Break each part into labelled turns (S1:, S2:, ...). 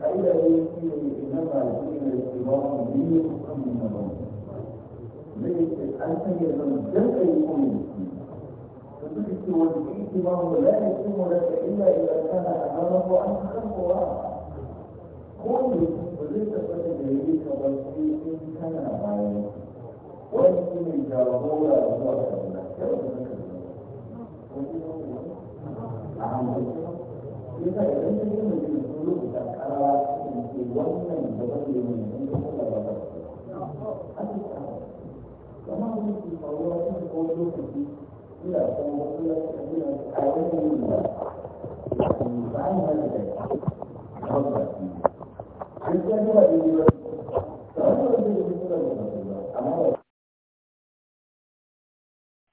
S1: فإنه إنما دين الاتباع دين محمد أنت من جزء يكون فبالتالي والاتباع لا يتم لك إلا إذا كان أمامه أن تخلقه كل وليس فقد يريد تبصير إن كان عليه ويكون جابولا الله إذا لم يكن rubuta kara cikin ke wannan da ne da ba ba ba ba da ba ba da ba da ba ba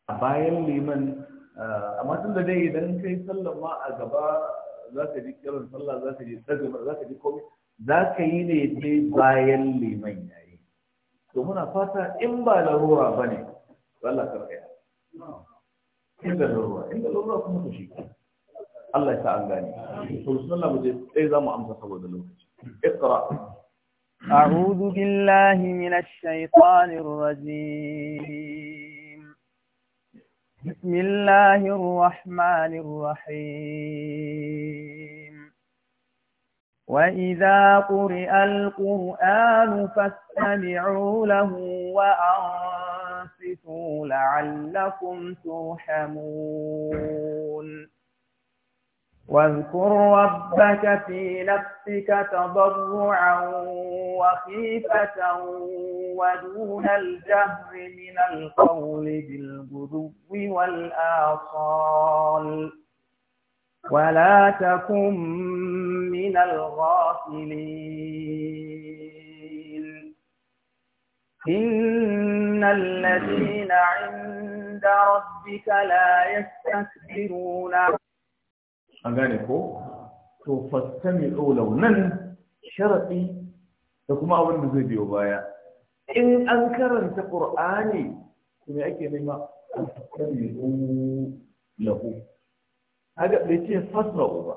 S1: a bayan liman eh, amma tun da dai idan kai sallama a gaba za ka ji kiran sallah za ka ji tsagama za ka ji komai za ka yi ne dai bayan liman yayi to muna fata in ba larura ba ne Allah ka kai in da larura in da larura kuma to shi Allah ya an gane to bismillah mu je sai za mu amsa saboda lokaci iqra
S2: أعوذ بالله من الشيطان الرجيم بسم الله الرحمن الرحيم وإذا قرئ القرآن فاستمعوا له وأنصتوا لعلكم ترحمون واذكر ربك في نفسك تضرعا وخيفة ودون الجهر من القول بالغدو والآصال ولا تكن من الغافلين إن الذين عند ربك لا يستكبرون an gane ko to
S1: fastami ɗolau nan sharaɗi da kuma abin da zai biyo baya in an karanta ƙur'ani kuma ake nema fastami lahu haka bai ce fasra'u ba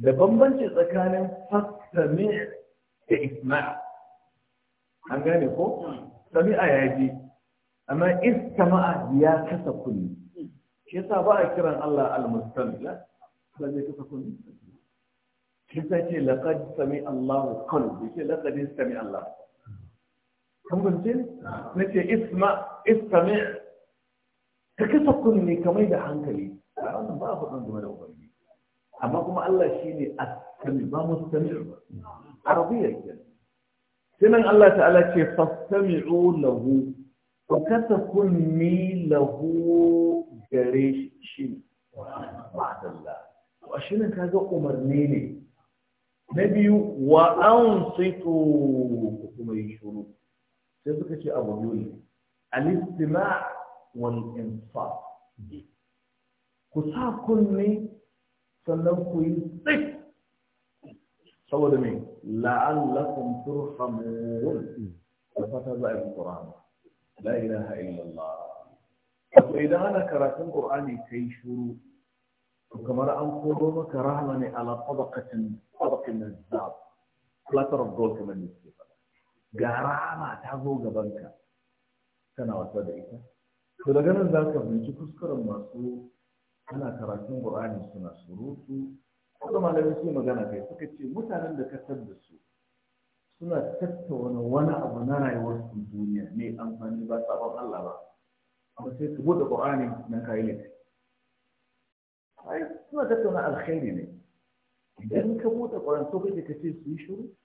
S1: da bambanci tsakanin fastami da isma'a an gane ko sami'a ya ji amma istama'a ya kasa kunni shi yasa ba a kiran Allah al-mustamila ba zai kasa kun kisa ce laqad sami Allah qul ce laqad sami Allah kan gunce na ce isma istami ka kasa kunni kamar da hankali a wannan ba a faɗin da ubangiji amma kuma Allah shi shine as-sami ba mustami ba arabiya Sinan Allah Ta'ala ce كي فاستمعوا له وكتكن مي له lahu gare shi. الله ashirin kaga umarni ne na biyu wa an saito kuma yi shuru sai suka ce abu biyu ne alistima wal insa ku sa kunne sannan ku yi tsik saboda me la'allakum turhamun da fata za a yi qur'ani la ilaha illallah wato idan ana karatun qur'ani kai shuru kamar an koro maka rahama ne ala tabaqatin tabaqin nazab platter of ga rahama ta zo gaban kana wasa da ita to daga nan za ka fahimci kuskuren masu ana karatun qur'ani suna surutu kuma malamai su magana kai suka ce mutanen da ka da su suna tattauna wani abu na rayuwar su duniya ne amfani ba sabon Allah ba amma sai su bude qur'ani na kai laifi ai suna tattauna alkhairi ne idan ka buɗe ƙwaron kake ka ce su yi shiru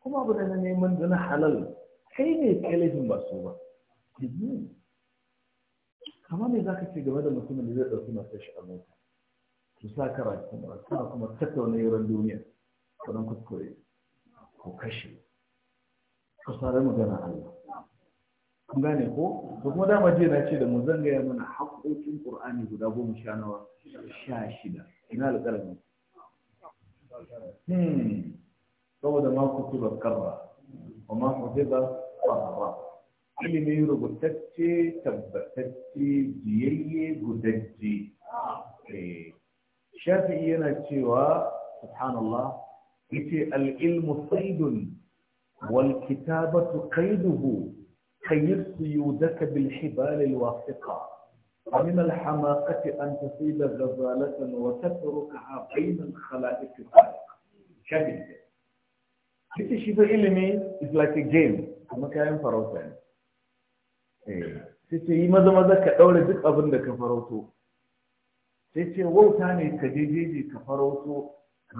S1: kuma abu na neman da na halal kai ne kalifin ba su ba kama me za ka ce game da mutumin da zai ɗauki masu shi a mota su sa kara kuma kuma tattauna yaran duniya kudan kuskure ko kashe ku sarar magana Allah kun gane ko to kuma dama jiya na ce da mu zan gaya mana haƙoƙin qur'ani guda goma sha nawa sha shida ina alƙalami hmm saboda ma kutuba karra wa ma hufiza qarra ilimi rubutacce tabbatacce jiyayye gudajje eh. shafi'i yana cewa subhanallah yace al-ilmu saydun wal kitabatu qayduhu خير سيودك بالحبال الواثقة ومن الحماقة أن تصيب غزالة وتتركها بين الخلائق الخالقة شكل Kiti shi fa ilimi is like a game, kuma kayan farauta ne. Eh, sai ce yi maza maza ka ɗaure duk abin da ka farauto. Sai ce wauta ne ka je ka farauto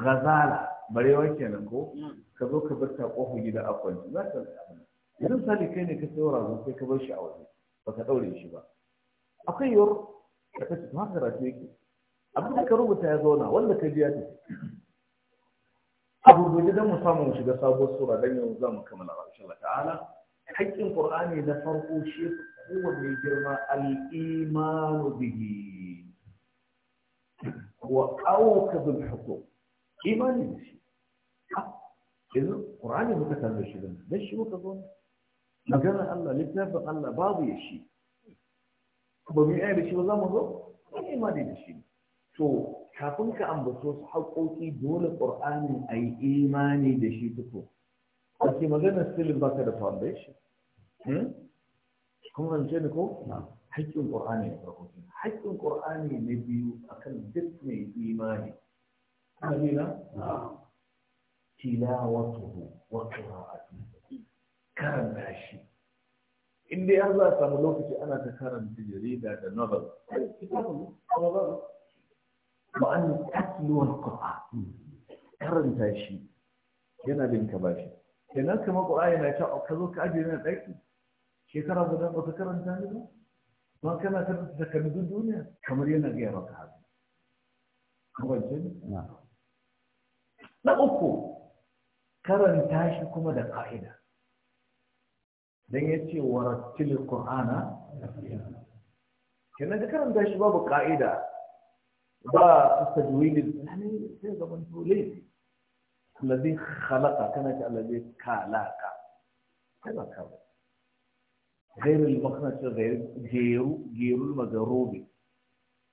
S1: gazala, barewa kenan ko? Hmm. Ka zo ka bar ta kofa gida a kwanci, za ka abin yanzu sani kai ne ka sayo ragon sai ka bar shi a waje ba ka ɗaure shi ba akwai yiwuwar ka ta to haka rafi yake abin da ka rubuta ya zauna wanda ka biya ta abu gobe don mu samu mu shiga sabuwar sura don yanzu za mu kammala insha Allah ta'ala haƙƙin Qur'ani na farko shi kowanne girma al-imanu bihi wa awkadul hukm imani da shi yanzu Qur'ani muka tambaye shi dan shi muka zo maganar Allah littafin Allah babu ya shi ba mu yi da shi ba za mu zo an yi imani da shi to kafin ka ambato su haƙoƙi dole ƙur'ani a yi imani da shi tuko a ke maganar silin baka da foundation hmm? kuma zance ne ko haƙƙin ƙur'ani na farko haƙƙin ƙur'ani na biyu akan duk mai imani ana nuna tilawatuhu wa qira'atuhu karanta shi inda dai za a samu lokaci ana ta karanta jarida da novel ma'anin tatluwar ku'a karanta shi yana bin ka bashi kenan kama ku'a yana ta ka zo ka ajiye na ɗaki shekara ba ba ka karanta ni ba ma kana karanta takardun duniya kamar yana gaya maka haka kawance na uku karanta shi kuma da ka'ida دنيتي ورتل القران كنا ذكرنا ده شباب قاعده با التدوين يعني زي ما بنقول الذي خلق كما الذي خلق كما كان غير المخنث غير غير غير المغروبي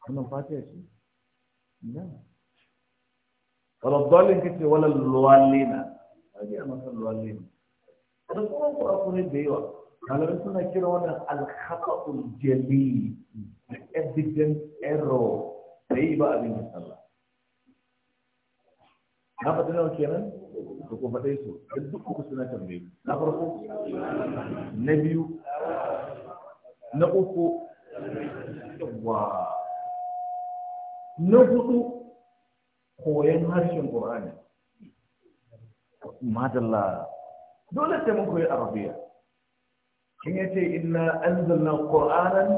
S1: كما فاتي شيء لا ولا الضالين كتير ولا الوالين هذه مثلا الوالين da kuma kurakurai da yawa malamai suna kira wannan alhaƙa'ul jali evidence error da yi ba abin da sallah na faɗi nawa kenan da ku faɗe su da duk uku suna tambaye na farko na biyu na uku wa na hudu koyon harshen ƙorani madalla dole sai mun koyi arabiya in ya ce inna anzalna qur'anan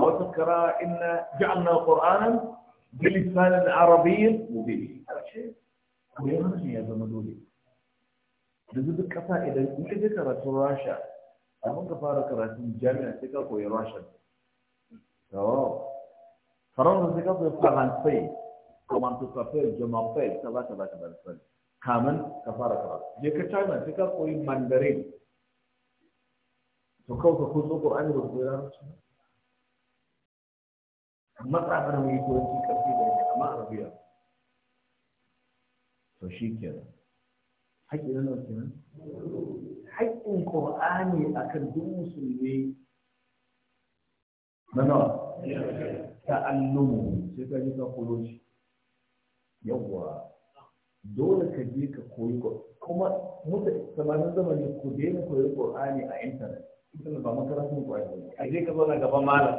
S1: aw takra inna ja'alna qur'anan bilisanin arabiyyin mubin karshe koyi harshe ya zama dole yanzu duk kasa idan in ka je karatun rasha amma ka fara karatun jami'a sai ka koyi rasha faransa sai ka koyi faransai kamar su kafin jama'ai kaza kaza kaza kamar ka fara karatu je ka tana sai ka koyi mandarin to kawai ka kuso qur'ani ba ku koyi larabci amma tsabar mu yi turanci karfi da ne amma arabiya to shi kenan haƙƙin nan kenan haƙƙin qur'ani akan duk musulmi na nawa ta'allumu sai ka ji ka koyo shi yawwa dole ka je ka koyi kuma mutane samanin zamani ku daina koyi qur'ani a intanet intanet ba makarantar qur'ani a je ka zauna gaban malam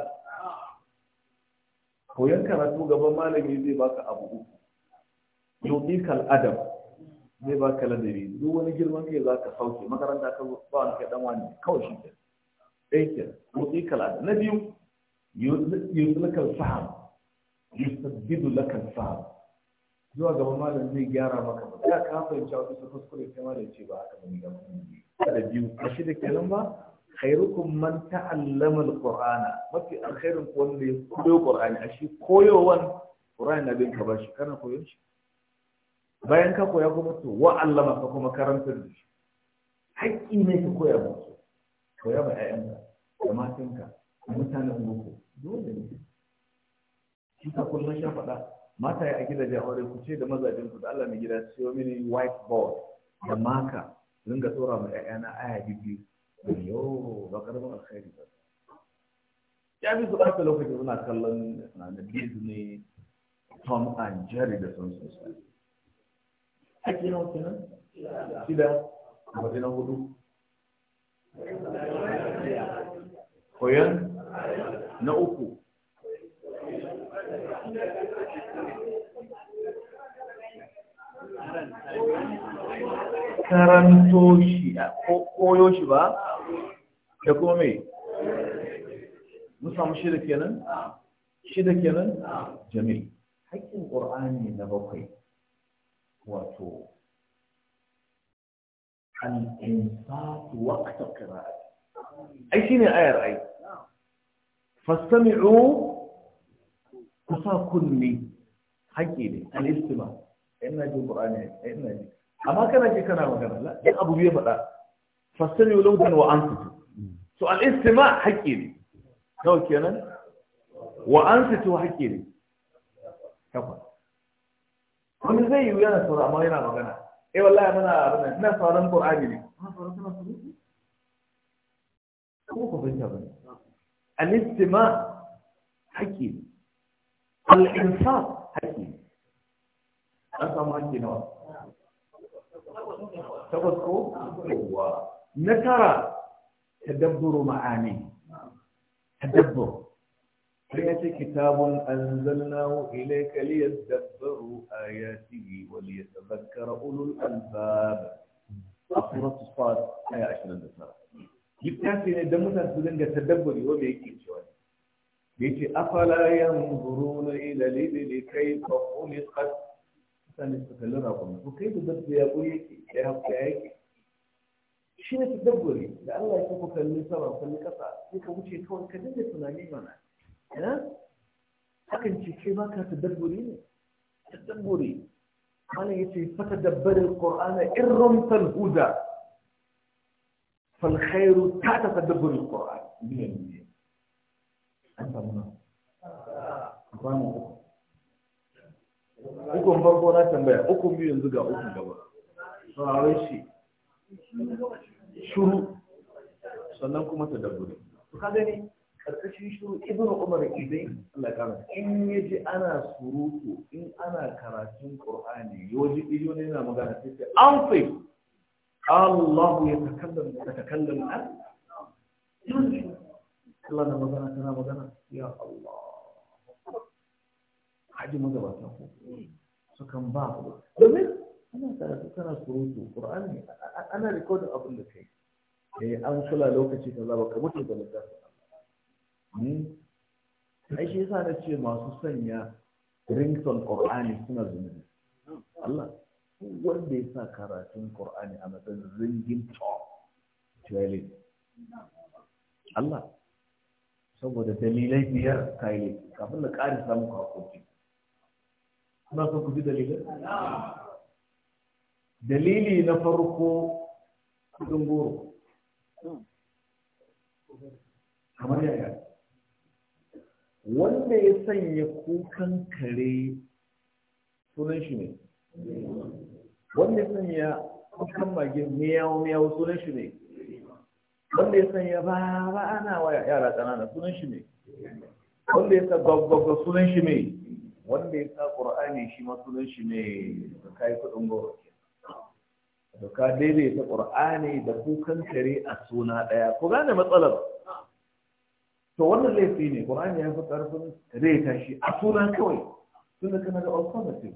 S1: koyon karatu gaban malami zai baka abu uku yudi kal adab zai baka ladabi duk wani girman kai zaka sauke makaranta ka ba wani kai dan wani kawai shi ke dai ke yudi kal adab na biyu yudi kal faham yusabbidu lakal faham zuwa gaba malam zai gyara maka ba ya ka fahimci wasu su kuskure sai malam ce ba haka bane gaba da biyu a shi da kenan ba khairukum man ta'allama alqur'ana mafi alkhairin ku wanda ya koyo qur'ani a shi koyowan qur'ani na bin ka ba shi kana koyon shi bayan ka koya kuma to wa allama ka kuma karantar da shi haƙƙi ne ka koya su koya ma 'ya'yanka da matanka da mutanen gobe dole ne shi ka kullum shafaɗa. faɗa mata ya gidajen aure ku ce da mazajen ku da Allah mai gida siyo mini board da maka ringa tsora ma ƴaƴana aya bibi yo ba karban alkhairi ba ya bi su ɓata lokacin suna kallon na Disney Tom and Jerry da sun sun sa ake nawa kenan shida waje na hudu koyon na uku karanto shi ko koyo shi ba da kuma mai mun samu shida kenan shida kenan jami'i haƙƙin ƙur'ani na bakwai wato An al'insatu waqta qira'ati ai shi ne ayar ai fastami'u kusa kunni haƙƙi ne an istima ina jin qur'ani ina ji. amma kana ke kana magana la dan abu bai faɗa fastani lautan wa ansitu so al istima haqqi ne kawai kenan wa ansitu haqqi ne takwas wani zai yi yana saurara amma yana magana eh wallahi muna abin ina sauran qur'ani ne amma sauran kana surutu ko ko bin ta al istima haqqi ne al insa haqqi ne an samu haƙƙi nawa تقصد قوة نكرة تدبر معاني تدبر فيأتي كتاب أنزلناه إليك ليتدبروا آياته وليتذكر أولو الألباب أخرى الصفات آية عشر النكرة يبتعثي ندمتها سلنجة تدبري وليكي شوية بيتي أفلا ينظرون إلى الإبل كيف خلقت sani suka kalli raƙon to kai da dabba ya goyi yake ya haka yake shi ne tadabburi da Allah ya ku kalli sama kalli ƙasa sai ka wuce kawai ka dinga tunani mana hakan ce kai ma ka tadabburi ne tadabburi malam yace fa tadabbaril qur'ana in rumtal huda fal khairu ta tadabburil qur'an biyan ne an samu na ukun farko na tambaya ukun biyu yanzu ga ukun gaba sauraron shi shuru sannan kuma ta dabburi ka gani ƙarƙashin shuru ibn umar idan Allah ya kama in ji ana surutu in ana karatun qur'ani yoji ido ne yana magana sai ce an fi Allah ya takallam ta takallam an Allah na magana tana magana ya Allah haji magabata ko sukan ba ku domin ana karatu kana surutu qur'ani ana rikodin abin da kai eh an kula lokaci ta zaba ka mutu da littafin Allah hmm? ai shi yasa na ce masu sanya ringtone qur'ani suna zunubi Allah wanda ya sa karatun qur'ani a matsayin ringin to Allah saboda dalilai biyar kayi kafin da ƙari samun hakoki Na son ku dalilin dalili na farko kudin goro kamar yaya wanda ya sanya kukan kare sunan shi ne wanda ya sanya kukan mage miyawo miyawo sunan shi ne wanda ya sanya ba ba ana wa yara ƙanana sunan shi ne wanda ya sa babba sunan shi ne wanda ya sa qur'ani shi ma shi ne kai kudin goro da ka daidaita qur'ani da kukan kare a suna ɗaya ko gane matsalar to wannan laifi ne qur'ani ya fi ƙarfin daidaita shi a suna kawai tunda kana da alternative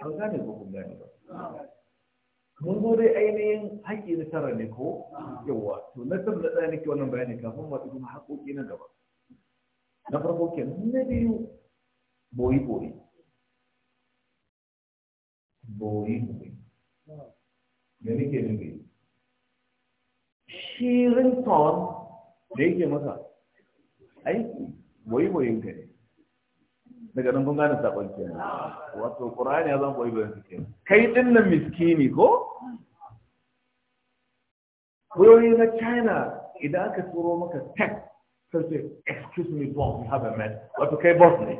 S1: an gane ko kun gane ba mun zo dai ainihin haƙƙi na tara ne ko yawa to na san da ɗaya nake wannan bayani kafin mu kuma haƙoƙi na gaba na farko kenan na biyu boye-boye boye-boye da nake da yake masa aiki boye-boyen daga nan kun gane sakon kenan wato ya zan boye-boyen ka kai ɗin nan miskini ko wayoyi na china idan aka turo maka tek sai ce excuse me boss we have a wato kai boss ne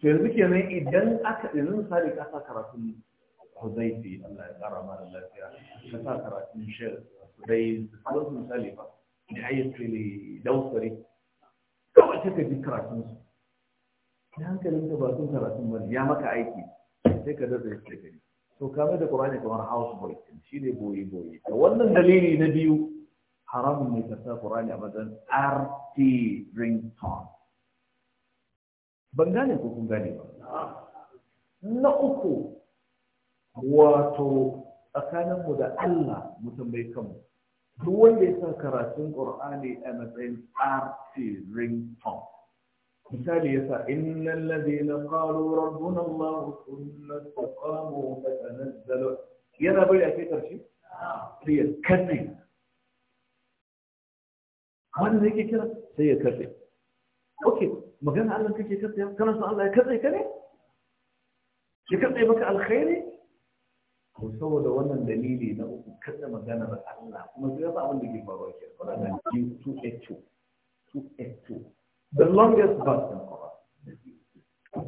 S1: to yanzu kenan idan aka yanzu misali ka sa karatun Huzaifi Allah ya tsara mana lafiya ka sa karatun Shell dai su misali ba da ayyukan dausari kawai sai ka ji karatun su ta hankalin ka ba sun karatun ba ya maka aiki sai ka zai sai ka yi ka kamar da Qur'ani kamar house boy shi ne boye boye da wannan dalili na biyu haramun ne ka sa Qur'ani a matsayin RT ringtone ban gane ko kun gane ba na uku wato tsakaninmu da Allah mu tambayi kanmu duk wanda ya sa karatun Qur'ani a matsayin arti ringtone misali yasa innal ladina qalu rabbuna Allah thumma istaqamu fatanazzalu yana bari a kai karshe sai ya kace wanda ke kira sai ya kace okay magana Allah kake katse kana son Allah ya katse ka ne ya katse maka alkhairi ko saboda wannan dalili na uku magana maganar Allah kuma sai yasa abin da ke faruwa ke fara da you to a two to a the longest bus in Quran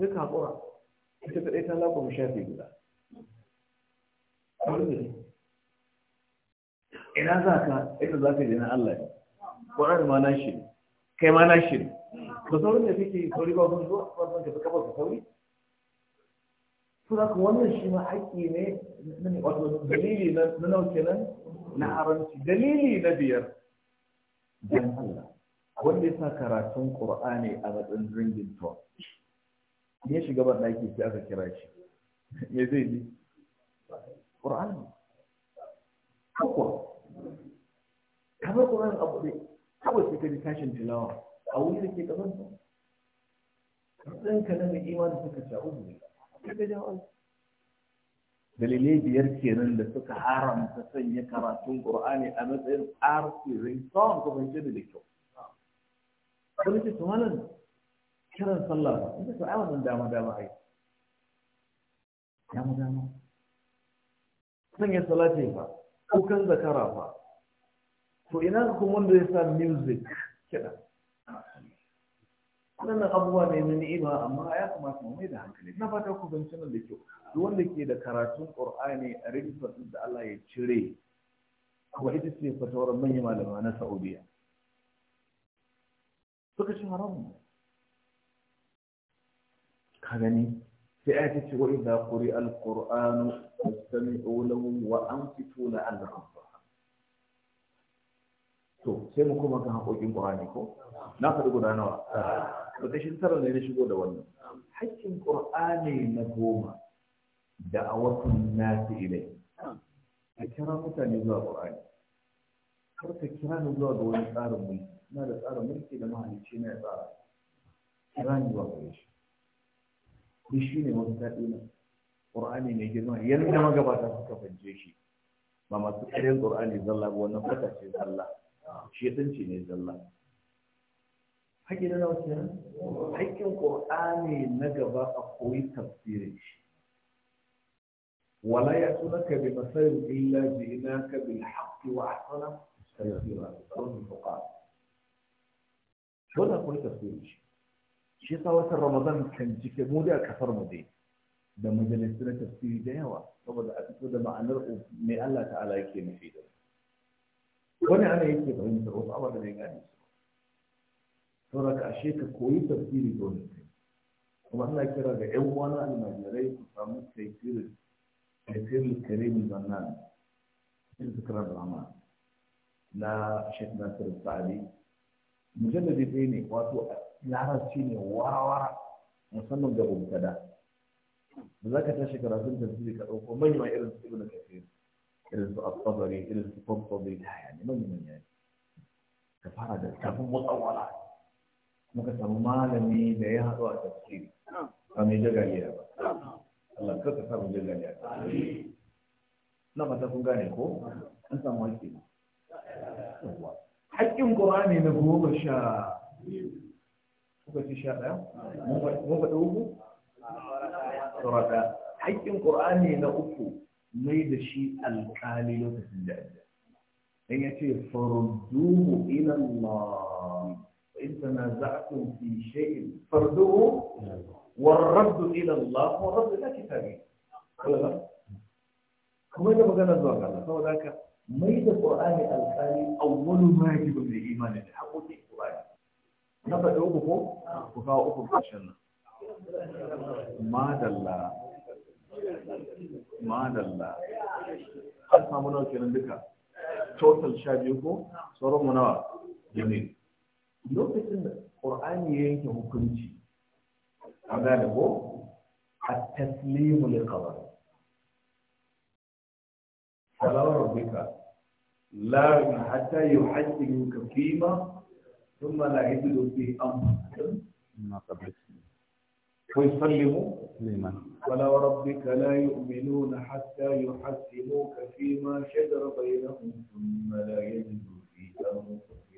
S1: sai ka hakura ita kadai ta lafa mu shafi guda ina za ka ita za ka je na Allah ne Quran ma na shi kai ma na shi ne ba saurin da kake sauri ba kun zuwa ba kun tafi kafa ka sauri to da wannan shi ma haƙƙi ne wato dalili na nau kenan na haramci dalili na biyar dan wanda ya sa karatun Qur'ani a matsayin ya shiga ban ɗaki sai aka kira shi me zai ji Qur'ani kakwa kamar Qur'ani abu ne kawai sai ka tashin tilawa a wuri da ke gaban sa ɗanka na mai imani suka sha uzu daga jama'an dalilai biyar kenan da suka haramta sanya karatun qur'ani a matsayin arsirin tsawon kafance da da kyau wani ce to malam kiran sallah ba inda to ai wannan dama dama ai dama dama sanya salati ba kukan zakara ba to ina ga kuma wanda ya sa music kiɗa wannan abubuwa ne na ni'ima amma ya kamata mu mai da hankali na fata ku zance nan da kyau duk wanda ke da karatun qur'ani a rijistar da Allah ya cire kuma ita ce fatawar manyan malama na Saudiya suka ci haramu ka gani sai aka ce wa idza quri al-qur'anu fastami'u lahu wa anfitu la'allakum to sai mu kuma kan haƙoƙin ƙurani ko na faɗi guda nawa ƙarƙashin tara ne na shigo da wannan haƙƙin ƙur'ani na goma da a watan nasi ilai a kira mutane zuwa ƙur'ani kar ka kira ni zuwa ga wani tsarin mulki ina da tsarin mulki da mahalicci na ya tsara kira ni zuwa gare shi Ni shi ne mafi daɗi na ƙur'ani mai girma yadda magabata suka fahimce shi ba masu ƙarin ƙur'ani zalla ba wannan fata ce zalla shi ɗinci ne zalla
S2: haƙƙi na nawa kenan
S1: haƙƙin qur'ani na gaba a koyi tafsirin shi wala ya tuna ka bi masarin illa jina ka bil haqqi wa ahsana tafsira sun fuqa wannan koyi tafsirin shi shi yasa watan ramadan kan cike mu da kasar mu dai da majalisar tafsiri da yawa saboda a fito da ma'anar mai Allah ta'ala yake nufi da wani ana yake fahimtar wasu abubuwa da ya gane saboda ashe ka koyi tafsiri dole kai kuma ina kira ga yan wani na almajirai ku samu taifirin taifirin karimin zannan cikin sukarar rama na shek nasir sa'adi mujallabi ɗaya ne wato a larabci ne warawara musamman ga bumtada da za ka tashi karatun tafsiri ka ɗauko manyan irin su ibn kafir irin su asabari irin su fomfobi ta haya manyan ne ka fara da tafin mutsawala muka samu malami da ya haɗu a tafsiri ba mai jagaliya ba Allah kar ka samu jagaliya na fata kun gane ko an samu haƙƙi haƙƙin Qur'ani na goma sha kuka ci sha ɗaya mun faɗi uku saurata haƙƙin Qur'ani na uku mai da shi alƙali lokacin da dan ya ce farudduhu ila Allah Intana tanaza'tum fi shay'in farduhu والرد إلى الله والرد إلى كتابه ولا kuma da magana zuwa ga Allah saboda haka mai da Qur'ani alƙali awwalu ma yajibu bil imani da haƙoƙin Qur'ani na faɗi uku ko ku kawo uku kashin nan madalla an samu nawa kenan duka total sha biyu ko sauran mu nawa lokacin da qur'ani ya yanke hukunci an gane ko at-taslimu lil qadar salawa rabbika la hatta yuhaddimuka fima thumma la yajidu fi amrihim ma qablati ويسلموا لمن ولا وربك لا يؤمنون حتى يحكموك فيما شجر بينهم ثم لا يجدوا في أنفسهم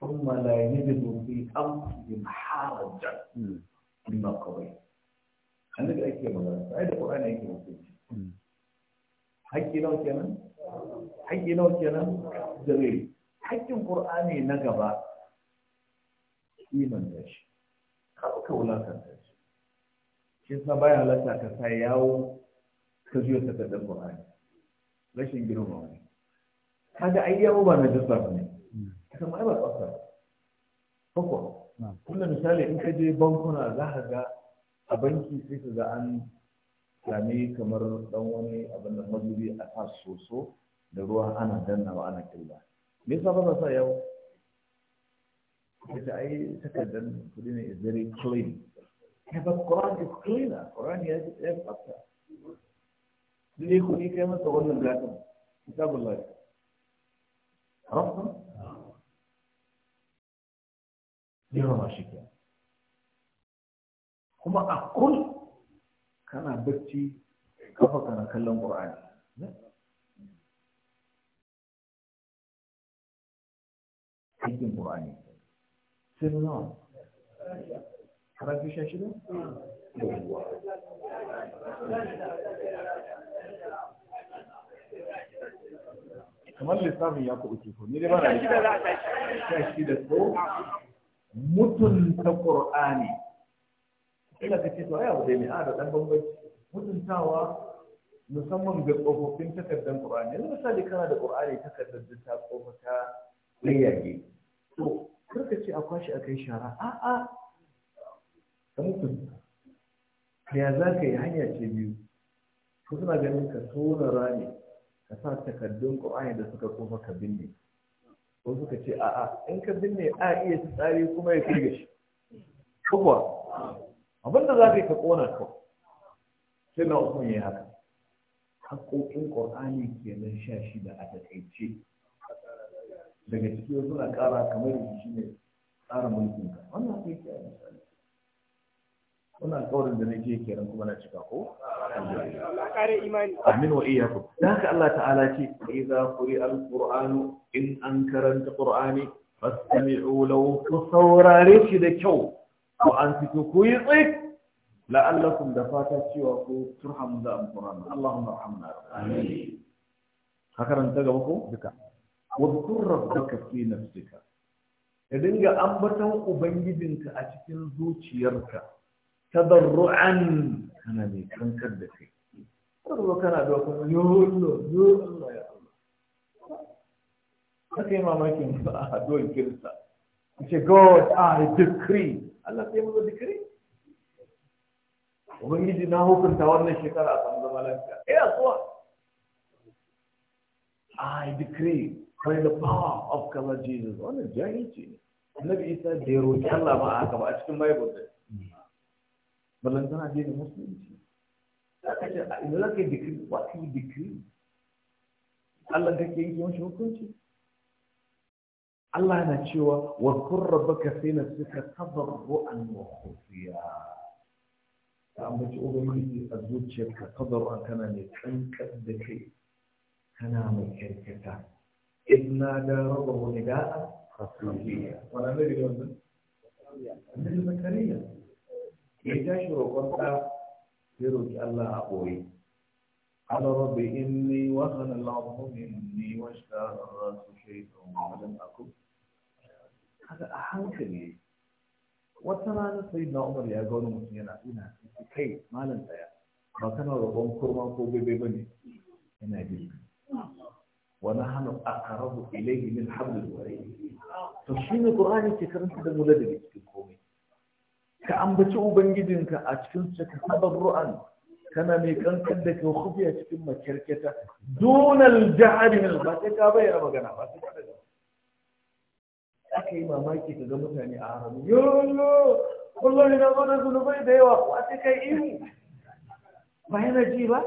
S1: ثم لا يجد في أنفسهم حرجا مما قضيت عندك أي كلمة لا تعيد القرآن أي كلمة تجي حكي لو كان حكي لو كان دليل حكي القرآن نقبا في من تجي خلوك ولا تجي كيف نبايا لك كسياو كجوة تتدى القرآن ليش ينجلون هذا أي أوبا نجسر من kama ai ba tsafta kuma misali in ka je bankuna za ka ga a banki sai ka ga an sami kamar dan wani abin da mazubi a ta soso da ruwa ana danna wa ana kirga me yasa ba sa yau kace ai takardar kudi ne is very clean kai ba Quran is clean Quran ya ji ya fata ku kudi kai masa wannan gatan kitabullah rafsan girmama shi ke kuma a kun kana bacci kafa kana kallon ƙur'ani aikin ƙur'ani sai nawa
S2: harafi sha shida?
S1: kamar lissafin ya kuɓuce ko ni dai ba na yi sha da ko mutunta ƙur'ani ila ka ce to ai abu ne da ada dan bambanci mutuntawa musamman ga tsofaffin takardar ƙur'ani yanzu misali kana da ƙur'ani takardar da ta tsofa ta layyage to kar ka ce a kwashi a kai shara a'a ka mutunta ya za ka yi hanya ce biyu ko suna ganin ka tona rami ka sa takardun ƙur'ani da suka tsofa ka binne ko suka ce a'a in ka binne a iya tsari kuma ya kirga shi kuwa abinda za ka yi ka kona ka sai na usman ya yi haka haƙoƙin ƙur'ani nan sha da a takaice daga ciki suna ƙara kamar shi ne tsara mulkin ka wannan sai ke a wannan alƙawarin da nake kenan kuma na cika ko amin wa iyyakum dan ka Allah ta'ala ce idza quri'a alqur'anu in an karanta qur'ani fastami'u law ku saurare shi da kyau ko an fito ku yi tsik la'allakum da fata cewa ku turhamu da alqur'an Allahumma arhamna amin ka karanta gaba ko duka wa dhkur rabbaka fi nafsika ka dinga ambaton ubangijinka a cikin zuciyarka تضرعا انا دي كان كذب في تضرع كان يقول كان يقول له يا الله اكي ما ما كان دو يكرسا يقول جود اي ديكري الله تيم دو ديكري هو يجي نا هو كنت اورنا شي ترى ما بالك يا اخو اي ديكري by the power of God Jesus on the journey النبي عيسى ديرو ان شاء الله ما اكو اشكم ما يبوده balantana addinin musulunci za ka ce a ina za ka yi dikiri wa ka yi dikiri Allah ka ke yanke mashi hukunci Allah yana cewa wa kurra baka fina sika suka tabarru'an wa khufiya ka ambaci ubangiji a zuciyarka tabarru'an kana mai kankar da kai kana mai kyarkyata inna da rabbahu nida'a khafiya wannan ne da wannan Annabi Zakariya ya tashi roƙon ya roƙi Allah a ɓoye قال رب إني وهن العظم مني واشتهر الرأس شيئا ولم أكن a hankali. wata rana sai na umar ya ga wani mutum yana ina kai malam tsaya ba kana roƙon kurma ko bebe ba ne yana bi wani hannu a karabu ilaihi min habdul wari to shi ne qur'ani ke karanta da mu ladabi cikin komai ka ambaci ubangijinka a cikin ka tabarru'an kana mai kankan da ke hufi a cikin makyarketa donal jahari na ba sai ka bayyana magana ba sai ka daga aka yi mamaki ka ga mutane a haramu
S2: yolo kullum ina zo da zunubai da yawa ba sai kai ihu ba yana ji ba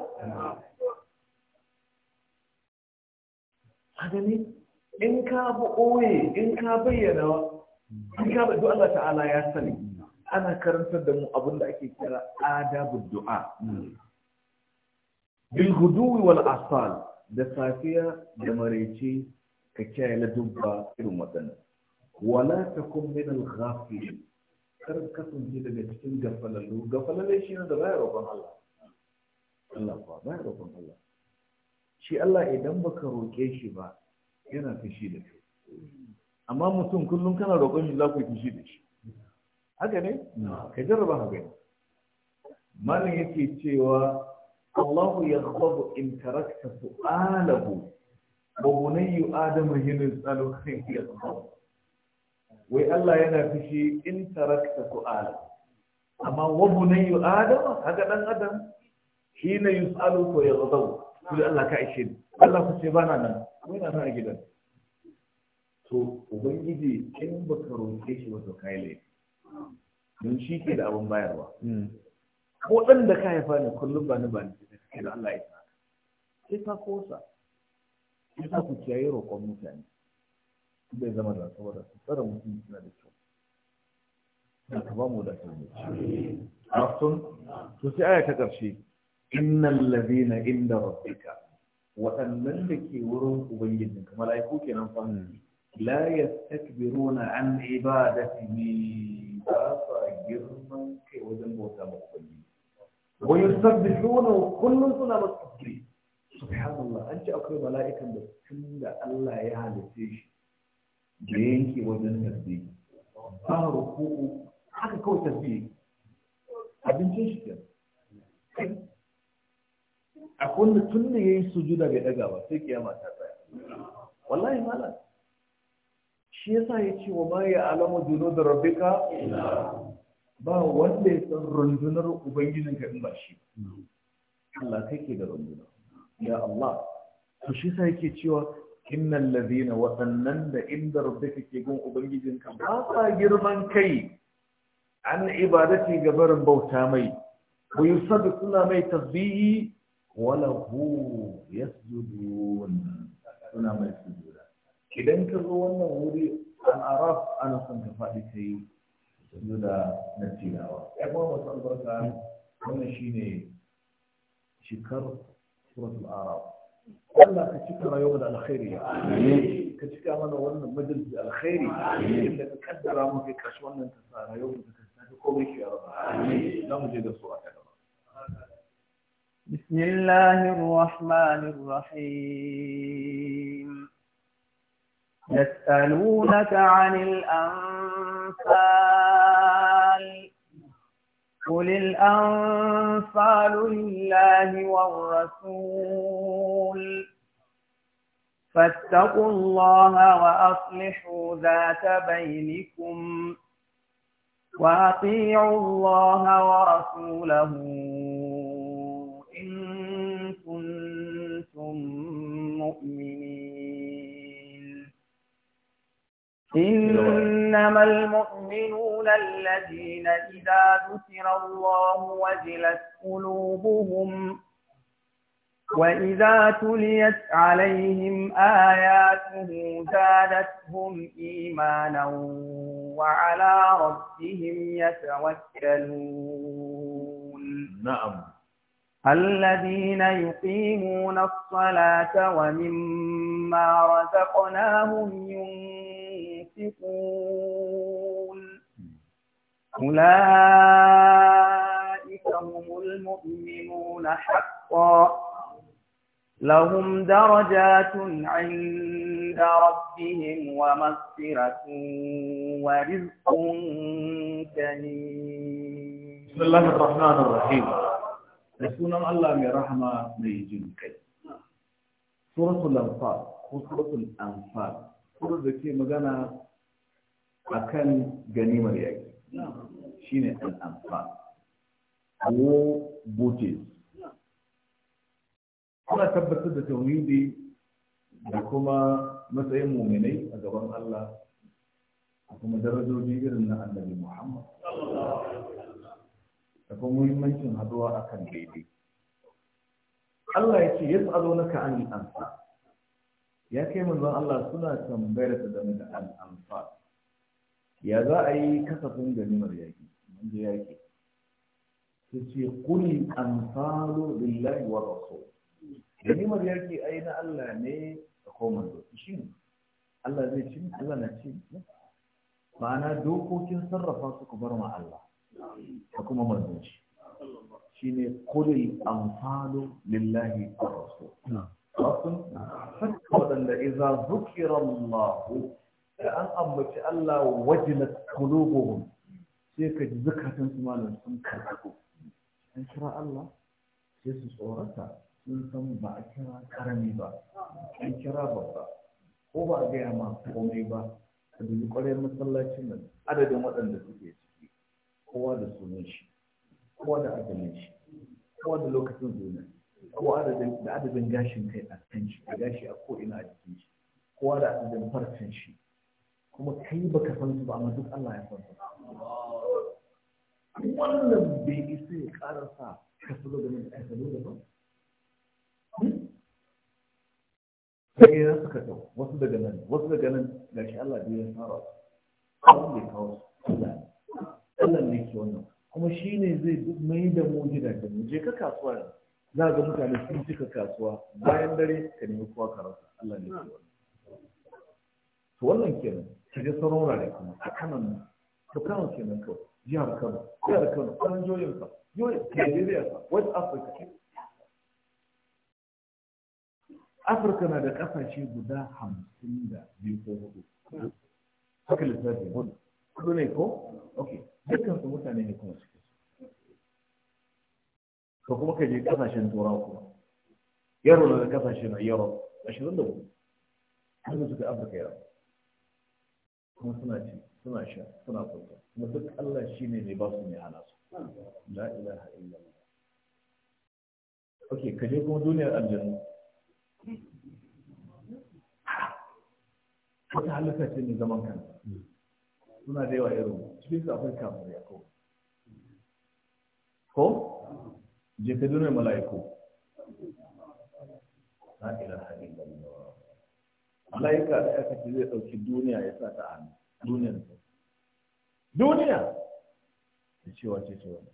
S1: a gani in ka bi oye in ka bayyana in ka bi Allah ta'ala ya sani ana karantar da mu abin da ake kira adabud du'a bil huduwi wal asal da safiya da maraice ka kiyaye la dubba irin waɗannan wala takun min al ghafil kar kasance daga cikin gafalallu gafalalle shi ne da baya roƙon Allah Allah ba baya roƙon Allah shi Allah idan baka roƙe shi ba yana fushi da kai amma mutum kullum kana roƙon shi za ku yi da shi haka ne ka jarraba haka ne mana yake cewa Allahu yakhwabu in tarakta ba wa yi adama yanzalu khayya wai Allah yana fushi in tarakta alabu amma wa yi adama haka dan adam hina ya to su da Allah ka ishe Allah ku ce bana nan wai na nan a gidan to ubangiji in baka roƙe shi wato kai laifi don shi ke da abin bayarwa hmm. ko ɗan da ka haifa ne kullum ba ni ba ni da kake da Allah ya sa sai ka kosa sai ka ku kiyaye roƙon mutane bai zama da saboda su tsara mutum suna da kyau na ka ba mu da kyau ne mafsun to sai aya ta ƙarshe innal ladina inda rabbika waɗannan da ke wurin ubangiji kamar mala'iku kenan fa hmm. la yastakbiruna an ibadatihi ba girman kai wajen bauta ma ubangiji wa yusabbihuna kullun suna masjidi subhanallah an ce akwai mala'ikan da tun da Allah ya halice shi da yanke wajen tasbih ba ruku'u haka kawai tasbih abincin shi kenan akwai wanda tun da yayi sujuda bai daga ba sai kiyama ta tsaya wallahi malam shi yasa ya ce wa ma ya alamu junud rabbika ba wanda ya san rundunar ubangijinka in ba shi Allah kai ke da runduna ya Allah to shi yasa yake cewa innal ladina waɗannan da inda rabbika ke gun ubangijinka ba sa girman kai an ibadati ga barin bauta mai wa yusabbi suna mai tasbihi wala lahu yasjudun suna mai sujud idan ka zo wannan wuri an araf ana son ka faɗi ta yi su da na tilawa ya kuma masu albarka wannan shi ne shikar suratul araf Allah ka cika rayuwa da alkhairi ka cika mana wannan majalis da alkhairi inda ka kaddara mu kai kashi wannan ta sa rayuwa da ka tafi komai ki yarda za mu je da su a gaba
S2: بسم الله الرحمن الرحيم يسألونك عن الأنفال قل الأنفال لله والرسول فاتقوا الله وأصلحوا ذات بينكم وأطيعوا الله ورسوله إن كنتم مؤمنين إنما المؤمنون الذين إذا ذكر الله وجلت قلوبهم وإذا تليت عليهم آياته زادتهم إيمانا وعلى ربهم يتوكلون نعم الذين يقيمون الصلاة ومما رزقناهم ينفقون ينفقون أولئك هم المؤمنون حقا لهم درجات عند ربهم ومغفرة ورزق كريم بسم الله الرحمن الرحيم
S1: رسول الله من رحمة من جنكي سورة الأنفال سورة الأنفال kudur da ke magana a kan ganimar yaƙi shi ne al'amfa ko bute kuna tabbatar da tauhidi da kuma matsayin muminai a gaban Allah da kuma darajoji irin na annabi Muhammad da kuma muhimmancin haduwa akan daidai Allah ya ce ya tsaro naka an al'amfa ya kai manzon Allah suna tambayar ta game da al'amfa. ya za a yi kasafin ganimar yaƙi mun je yaƙi ta ce kuli amsalu lillahi wa rasul ganimar yaƙi ai na Allah ne da kuma manzo shi Allah zai ci Allah na ci ma'ana dokokin sarrafa su ku bar ma Allah
S2: da kuma manzo
S1: shi ne kulil amsalu lillahi wa rasul waɗanda iza zukiran mahu da an ambaci Allah na kulubuhum sai ka ji zukatan su malam sun karkato an kira Allah sai su tsorata sun san ba a kira karami ba an kira babba ko ba a gaya ma komai ba a dubi ƙwarayar masallacin nan adadin waɗanda suke ciki kowa da sunan shi kowa da ajalin shi kowa da lokacin zuwa ko adadin da adadin gashin kai a kan shi da gashi a ko'ina a jikin shi kowa da adadin farcen shi kuma kai baka san su ba amma duk Allah ya san su wannan bai isa ya karasa ka salo da mai aika da ba sai ya suka tau wasu daga nan wasu daga nan gashi Allah bai ya fara Allah kawai kawo su Allah ne ke wannan kuma shine zai duk mai da mu gidajen mu je ka kasuwa yanzu za ga mutane sun cika kasuwa bayan dare ka nemi kowa ka rasa Allah ne ke to wannan kenan ki ga sauran da kuma a kanan to kanan kenan to jihar Kano jihar Kano kanan joyin ka joyin Nigeria ka West Africa Afirka na da kasashe guda hamsin da biyu ko hudu haka lissafi hudu ne ko? ok dukkan su mutane ne kuma su ka kuma ka je kasashen turawa kuma yaro na kasashen yaro ashirin da hudu har da suka afirka yaro kuma suna ci suna sha suna kwanta kuma duk allah shi ne mai ba su mai hana su la ilaha illallah ok ka je kuma duniyar aljanna wata halitta ce mai zaman kanta suna da yawa irin cikin su Afirka kamar yakob ko jakadu ne mala'iku haɗin da illallah malaika da aka ce zai ɗauki duniya ya sa ta hannu duniyar ta duniya cewa ce wace ce wani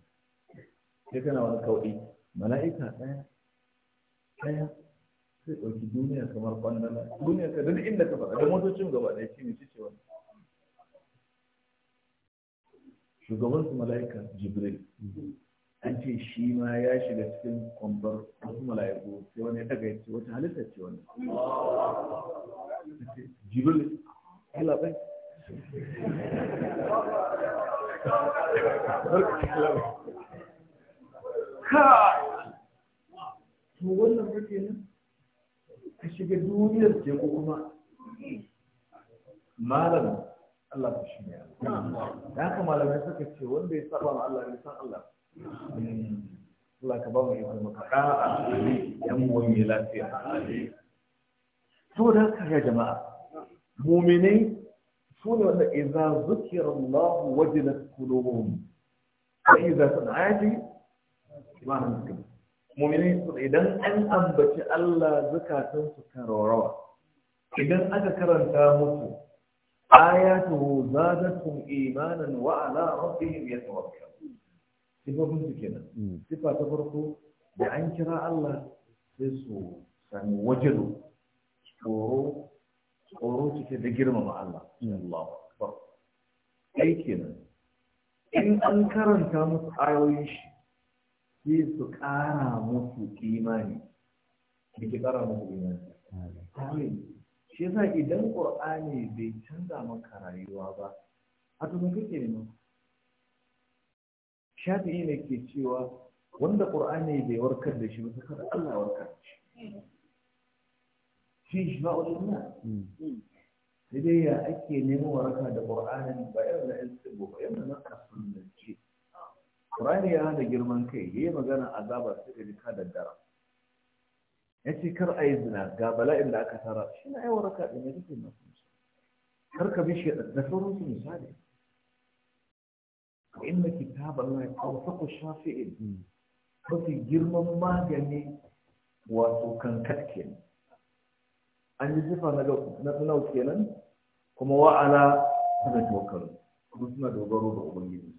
S1: sai kana wani kauɗi mala'ika ɗaya ɗaya zai ɗauki duniya kamar kwandala duniya ka duk inda ka faɗa da motocin gaba ɗaya shi ne ce ce wani shugaban su mala'ika jibril an ce shi ma ya shiga cikin kwambar wasu mala'iku sai wani ya daga ya ce wata halitta ce wani jibril Allah bai ka to wannan kake nan ka shiga duniyar ce ko kuma malam Allah ta shi ne da haka malamai suka ce wanda ya saba ma Allah ne san Allah Allah ka ba mu ikon maka da'a yan uwan mai lafiya to da haka ya jama'a mu'minai su ne wanda idza zukira Allah wajilat qulubuhum wa idza sana'ati imanan kabi mu'minai su idan an ambaci Allah zakatun su kan rawa idan aka karanta musu ayatuhu zadatuhum imanan wa ala rabbihim yatawakkalun sifofin su kenan hmm. sifa ta farko da an kira Allah sai su sami wajelo tsoro tsoro cike da girmama Allah hmm. Allahu akbar kai kenan in an karanta musu ayoyin shi sai su ƙara musu imani da ke ƙara musu imani shi yasa idan ƙur'ani bai canza maka rayuwa ba a tunan kake ne shafi'i ne ke cewa wanda ƙur'ani bai warkar da shi ba kada Allah ya warkar da shi shi shi ba na? sai dai ya ake neman waraka da ƙur'ani ba yau da tsibbo ba yau na kasuwanci Ƙur'ani ya hana girman kai ya yi magana azaba sai da ka daddara ya ce kar a yi zina ga bala'in da aka tara shi na yi waraka ɗin ya rufe masu kar ka bi shi da sauransu misali inna kitaballahi awsaqu shafi'in mafi girman magani wato kan katke. an yi zufa na tsanau kenan kuma wa'ala suna tokar kuma suna dogaro da ubangiji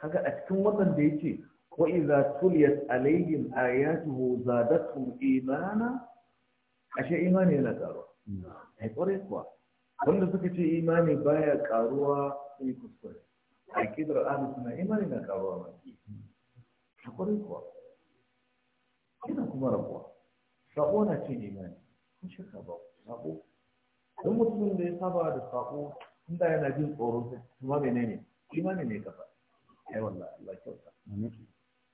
S1: kaga a cikin wannan da yake wa idza tuliyat alayhim ayatuhu zadatuhum imana ashe imani yana karuwa ai kore kuwa wanda suka ce imani baya karuwa sai kuskure aƙidar ahlus sunna imani na karuwa ma hakuri kuwa yana kuma rabuwa sako na cin imani kun shirka ba sako don mutumin da ya saba da sako inda yana jin tsoron kuma menene imani ne kafa ai wallahi Allah kyauta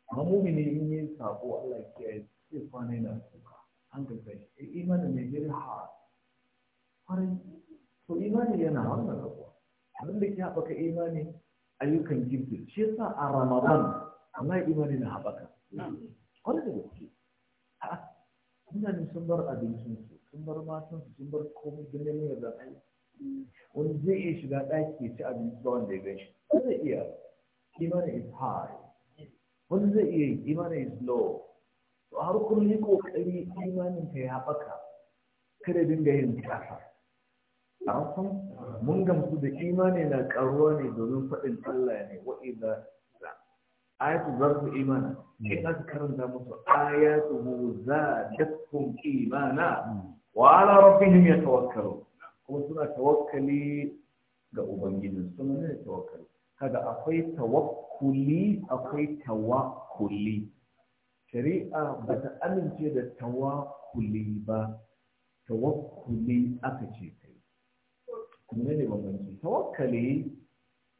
S1: amma mumini in yi sako Allah ya kiyaye sai kwana yana suka an gaggare eh, imani ne very hard kwarai to imani yana wannan rabuwa abin da ke haɓaka imani ayyukan girki shi yasa a ramadan amma imani na haɓaka kwarai da gaske ina ne sun bar su, sun bar su sun bar komai ganin ne da ai wani zai iya shiga ɗaki ya ci abinci ba wanda ya gan shi wani zai iya imani is high wani zai iya imani is low to har kullum yi ƙoƙari imanin ka ya haɓaka kada dinga yin kasa arafan mun gamsu da imani na karuwa ne domin faɗin Allah ne wa idza ayatu zarfu imana hmm. in su karanta musu ayatu mu za zadatkum imana hmm. wa ala rabbihim yatawakkalun kuma suna tawakkali ga ubangiji suna ne tawakkali kaga akwai tawakkuli akwai tawakkuli shari'a ba ta amince da tawakkuli ba tawakkuli aka ce menene bambanci tawakkali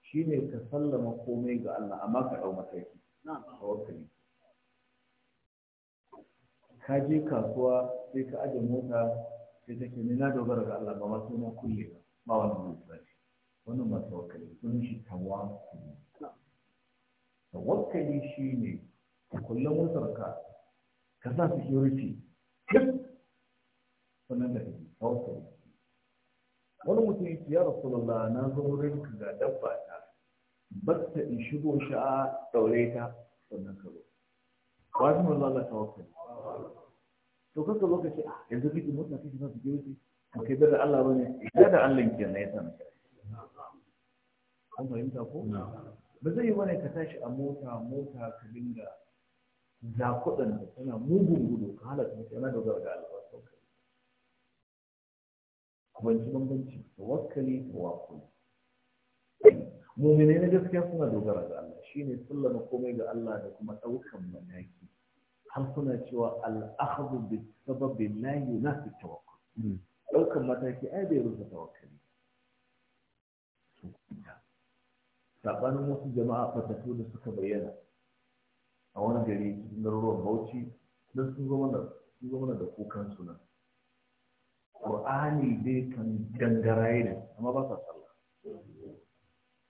S1: shine ka sallama komai ga Allah amma ka dau mataki tawakkali ka je kasuwa sai ka aje mota sai take ne na dogara ga Allah ba ma na kulle ba ba wani misali wannan ba tawakkali sunan shi tawakkali tawakkali shine kullum motarka ka sa security sannan da tawakkali wani mutum ya ce ya rasulallah na zo wurin ka ga dabba ta batta in shigo shi a daure ta wannan ka zo ba su Allah ta wakil to kaka lokaci, ka ce ah yanzu kake mota kake ba su ke wuce to kai da Allah ba ne ita da Allah ke na ya sa maka an fahimta ko ba zai yi bane ka tashi a mota mota ka dinga da tana mugun gudu ka halaka mutane da zaga albarka abinci bambanci tawakkali tawakkul mu'minai na gaskiya suna dogara ga Allah shine sallama komai ga Allah da kuma daukan mataki har suna cewa al-akhdhu bi sababi la yunafi tawakkul daukan hmm. mataki ai bai rusa tawakkali sabanin wasu jama'a fatatu da suka bayyana a wani gari cikin ruwan Bauchi don sun zo mana da kukan sunan ƙur'ani dai kan gangaraye ne amma ba sa sallah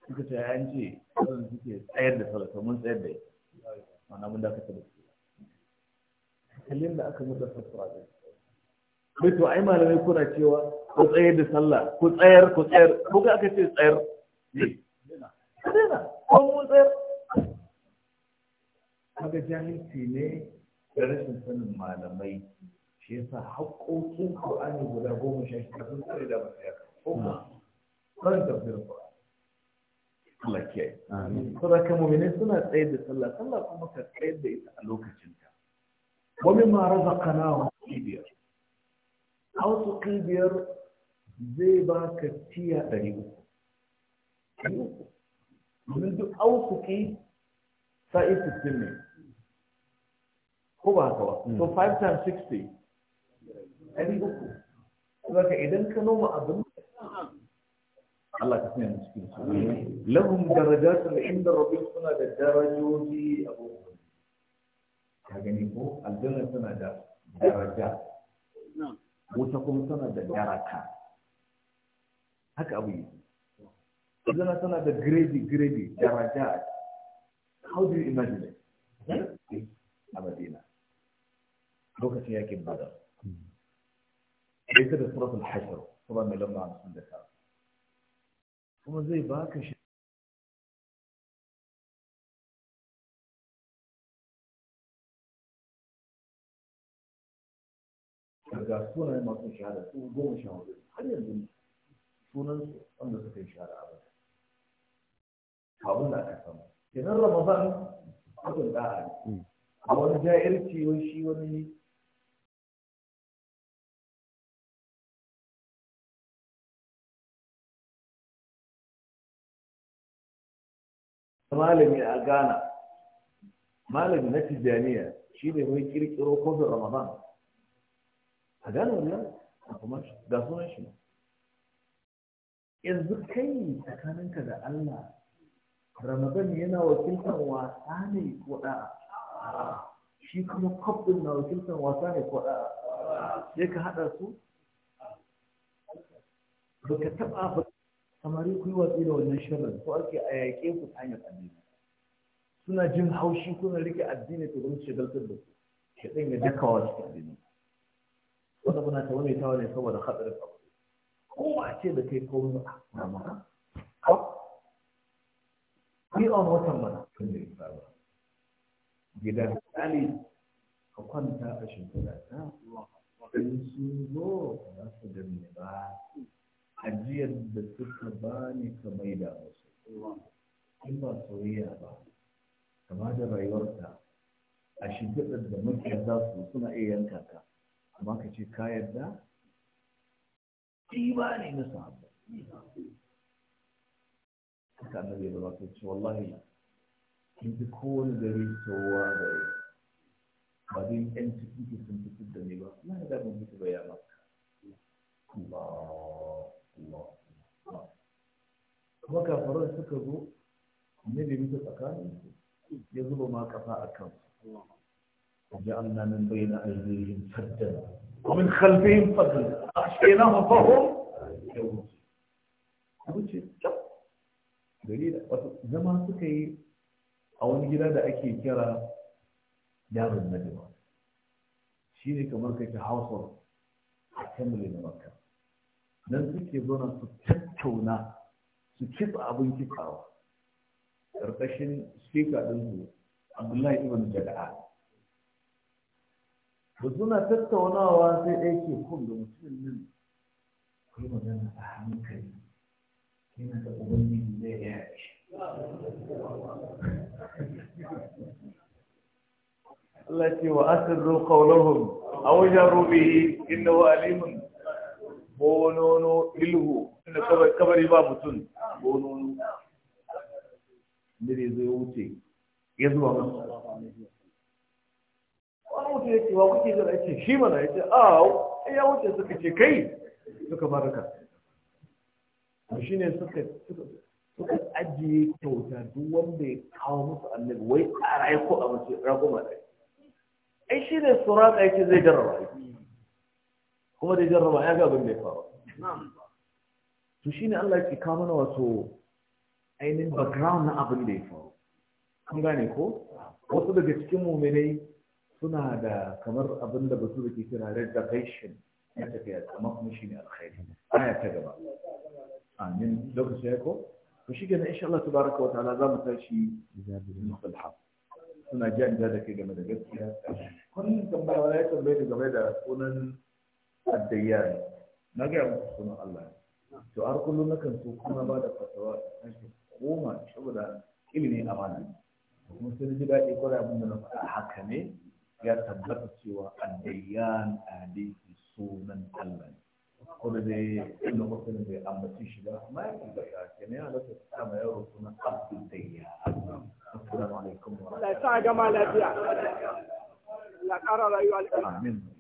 S1: suka ce an ce sallah suke tsayar da sallah mun tsayar da ita ma'ana mun dakata da su kallon da aka mutu fassara da mai to ai malamai kuna cewa ku tsayar da sallah ku tsayar ku tsayar ko ga aka ce tsayar ne
S2: ko mun tsayar
S1: kaga jahilci ne da rashin sanin malamai shi yasa haƙoƙin Qur'ani guda goma sha da masu yaka ko ba Allah kiyaye suna tsayar da sallah sallah kuma ka tsayar da ita a wa biyar a wasu biyar zai ba ka tiya ɗari uku domin duk sa'i ne ko ba ka ba hmm. so 5 times 60 ɗari uku zaka idan ka noma abin Allah ka sanya musu cikin lahum darajatun inda rabin suna da darajoji abu ka gani ko aljanna suna da daraja wuta kuma suna da daraka haka abu yi aljanna suna da gredi gredi daraja how do you imagine it hmm? eh, a madina lokacin yakin badar ليس في الحشر طبعا ما لهم معنى في الدكاترة
S2: هم زي باكش
S1: سونا ما تكون شهادة وقوم شهادة حاليا دون سونا أن تكون شهادة أبدا
S2: حاولنا أكثر في رمضان أبدا أبدا أبدا أبدا أبدا أبدا أبدا
S1: malami a ghana malami na tijjaniya shi ne mai kirkiro kofin ramadan a ghana wannan a kuma ga sunan shi yanzu kai tsakaninka da allah ramadan yana wakiltar wasa ne ko da'a shi kuma kwabin na wakiltar wasa ne ko da'a sai ka haɗa su ba ka taɓa ba samari ku yi watsi da wannan shirin ko ake a yaƙe ku ta hanyar addini suna jin haushi kuna rike addini to don shigaltar da ku shaɗan ya dakawa cikin addini Wata muna ta wani tawa ne saboda hatsarin abu ko a ce da kai komai ba a maka Ni on watan mana tun da isa sabon. gidan tsali ka kwanta a shimfiɗa ta in sun zo ba su da ba ajiyar da suka bani ka da musu in ba soyayya ba kama da rayuwarka a shimfiɗar da mafiya za su suna iya yanka ka amma ka ce ka yarda ba ne na sahabba haka annabi da ba ce wallahi in ji kowane gari sowa da ba dai yan ciki sun fitar da ni ba na da ban fito ba ya ba Allah kuma kafarar suka zo annabi musu tsakaninsu ya zuba ma kafa a kansu وجعلنا من بين أيديهم سدا ومن خلفهم فضلا أحشيناهم فهم dalila wato zama suka yi a wani gida da ake kira yaron najima shi ne kamar kai ta hausa a kamar na makka nan suke zauna su tattauna su kitsa abin kitsawa ƙarƙashin speaker su abdullahi ibn jada'a da suna tattaunawa sai ɗaya ke kun da mutumin nan kai magana a hankali yana da ubangiji zai ya Allah ce wa asirru qawlahum aw jarru bihi innahu alimun bonono ilhu inda kabari ba mutum bonono mire zai wuce ya zuwa masa wani mutum ya ce wa kuke zai ce shi mana ya ce a ya wuce suka ce kai suka baraka shi ne suka suka ajiye kyauta duk wanda ya kawo musu annabi wai a rayu ko a mace rago dai. ai shi ne suraka yake zai jarraba kuma da jarraba ya ga abin da ya faru to shine Allah ya kika mana wato ainihin background na abin da ya faru kun gane ko wasu daga cikin muminai suna da kamar abin da basu ke kira reservation na tafiya amma kuma shine alkhairi aya ta gaba amin lokaci ya ko to shi kenan insha Allah tabaraka wa ta'ala za mu tashi al haq suna jin da kake game da gaskiya kun tambaya wala ya tambaye game da sunan الديان ما جاء مخصوصنا الله سؤال كل ما كان سوكونا بعد الفتوى كوما شغلا إلمي أغاني مثل جدا يقول أبو منا حكمي يا تبت سوى الديان أهدي سونا الله كل ذي إنه مثل ذي أما تشبه ما يقول يا كنيا لا تستمع يا رسولنا قبل الديان السلام عليكم ورحمة الله لا تعجب على الديان لا ترى لا يعلم